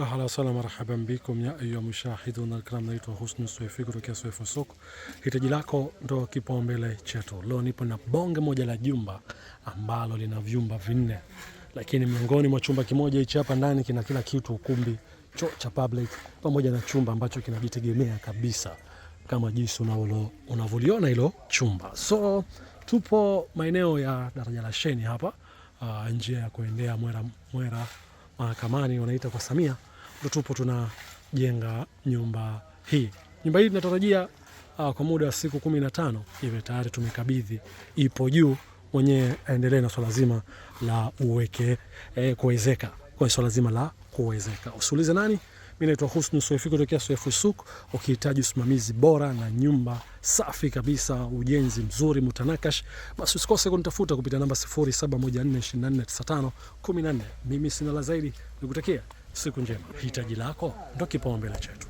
Ahlan sana marhaban bikum ya ayuha mushahiduna alkiram, naitwa Husni Sweifi kutokea Sweifu Suk. Hitaji lako ndo kipaumbele chetu. Leo nipo na bonge moja la jumba ambalo lina vyumba vinne, lakini miongoni mwa chumba kimoja hichi hapa ndani kina kila kitu, ukumbi, choo cha public pamoja na chumba ambacho kinajitegemea kabisa kama jinsi unavyoliona hilo chumba. So tupo maeneo ya daraja la Sheni hapa, uh, njia ya kuendea Mwera, Mwera mahakamani wanaita kwa Samia, ndo tupo tunajenga nyumba hii. Nyumba hii tunatarajia uh, kwa muda wa siku kumi na tano iwe tayari tumekabidhi, ipo juu, mwenyewe aendelee na swala zima la uweke eh, kuwezeka, kwa swala zima la kuwezeka. Usiulize nani mi naitwa Husnu Soifi kutokea Soifu Suk. Ukihitaji usimamizi bora na nyumba safi kabisa, ujenzi mzuri mutanakash, basi usikose kunitafuta kupitia namba 0714249514. Mimi sina la zaidi, nikutakia siku njema. Hitaji lako ndo kipaumbele chetu.